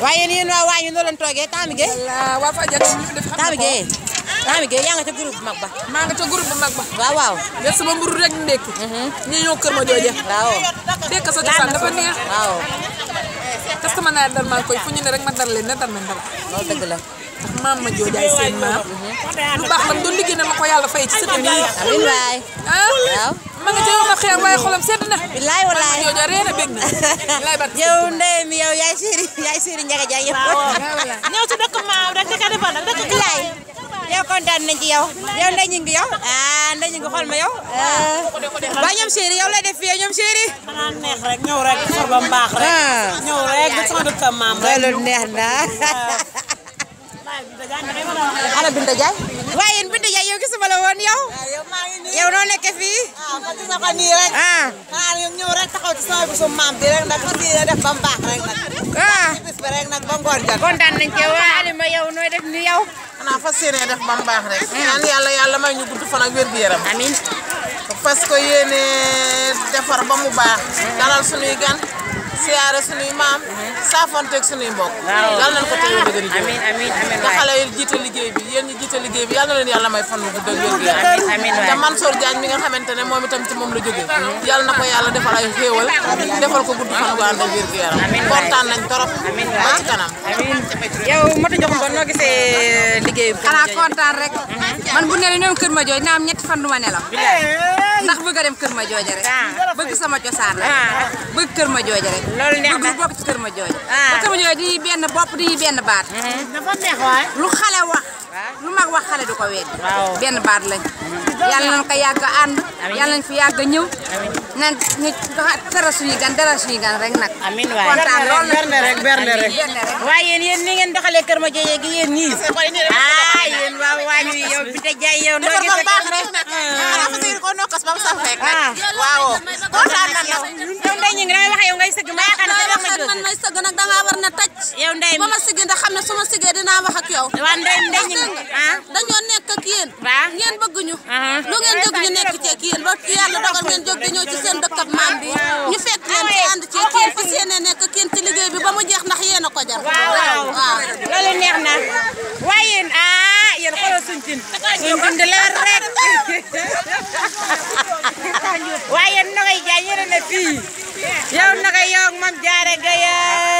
waye ni no wañu no lan toge leen toogee Tami fa voilà ñu def xam nga ko Tami Gueye yaa nga ci groupe mag ba. ma nga ci groupe mag ba. wa waaw. mais sama mburu rek ndekki. Mhm. ñi ñoo kër ma jooje. waaw. dekk sa cosaan dafa neex. waaw. tax sama na dal ma koy fu ñu ne rek ma dal le ne dal ma dal. lo deug la. tax maam ma jojay seen maam. Mhm. lu baax la do liggéey na mako yalla fay ci sëtam yi. amin waay. Ah? waaw. ma nga ca yow ma xeer waaye xolam sedd na. bilaay walaay maam ma joojaay ree na bég na. yow Siri ya Siri Ndiaga jaya. yëpp. ñëw ci dëkk Maaw rek dëkk Adama nag dëkk Kër yow kontaan nañ ah Ndeye Gningue xool ma Siri yow lay def Siri. xanaa neex rek ñëw rek xol ba mbaax rek. ñëw rek du sama dëkk maam rek. loolu neex na. ana Binta Ndiaye. waaye yéen Binta Ndiaye yow gisuma ah taxaw ci sama bisum maam def ba baax rek nag. ah bis bi rek nag ba ngoon jot. kontaan nañ yow nooy def ni yow. xanaa fas def ba baax rek. ñaan hmm. yàlla yàlla may ñu gudd fan ak wér gu yaram. amiin. parce que yéene defar ba mu baax. Hmm. dalal suñuy gan. siyaare suñuy maam saafonteeg suñuy mbokk yal nañ ko teew te xale yi jiite liggéey bi yéen ñi liggéey bi yal na leen yàlla may fan bu gudd ak wér gi te Mansour Diagne mi nga xamante ne moom itam ci moom la jógee yal na ko yàlla defal ay xéewal defal ko gudd fan bu ànd ak wér gi yaram kontaan nañ torop ba ci kanam yow moto jox ko noo gisee liggéey bi xanaa kontaan rek man bu ne la ñoom ma jooj naa am ñetti ma nelaw ndax bëgg a dem kër ma jooja rek. Ah. bëgg sama cosaan rek. bëgg kër ma jooja rek. bëgg bokk kër ma jooj ba kër ma benn bopp di benn baat. Mm-hmm. dafa lu xale wax. lu mag wax xale du ko wedd benn baat lañ yàlla nañ ko yàgg a ànd yàlla nañ fi yàgg a ñëw nan ñu dara suñu gan dara suñu gan rek nag amin waay kontaan lool berne rek berne rek waaye yéen yéen ni ngeen doxalee kër ma jëyee gi yéen nii ah yéen waa waañu yow bi te jaay yow noo gis baax rek ah. Ah, xanaa fa sey ko nokkas ba mu saf rek ah. waaw kontaan nan nag yow ndey ñi ngi wax yow ngay sëgg ma yaakaar na man may sëgg nag Warna touch, na tëj. yow ndey mi ba ma ndax xam ne su ma wax ak yow. waaw ndey ndey ñu ah dañoo nekk ak yéen. ngeen bëgg uh-huh. lu ngeen jóg ñu nekk ci ak yéen ba dogal ngeen di ci seen bi ñu fekk leen ci ci ak nekk ak ci bi jeex ndax ko jar. waaw neex na ah yéen xoolal suñ cin suñ cin di leer rek waaye yéen nogay jaay yéen yow yow jaare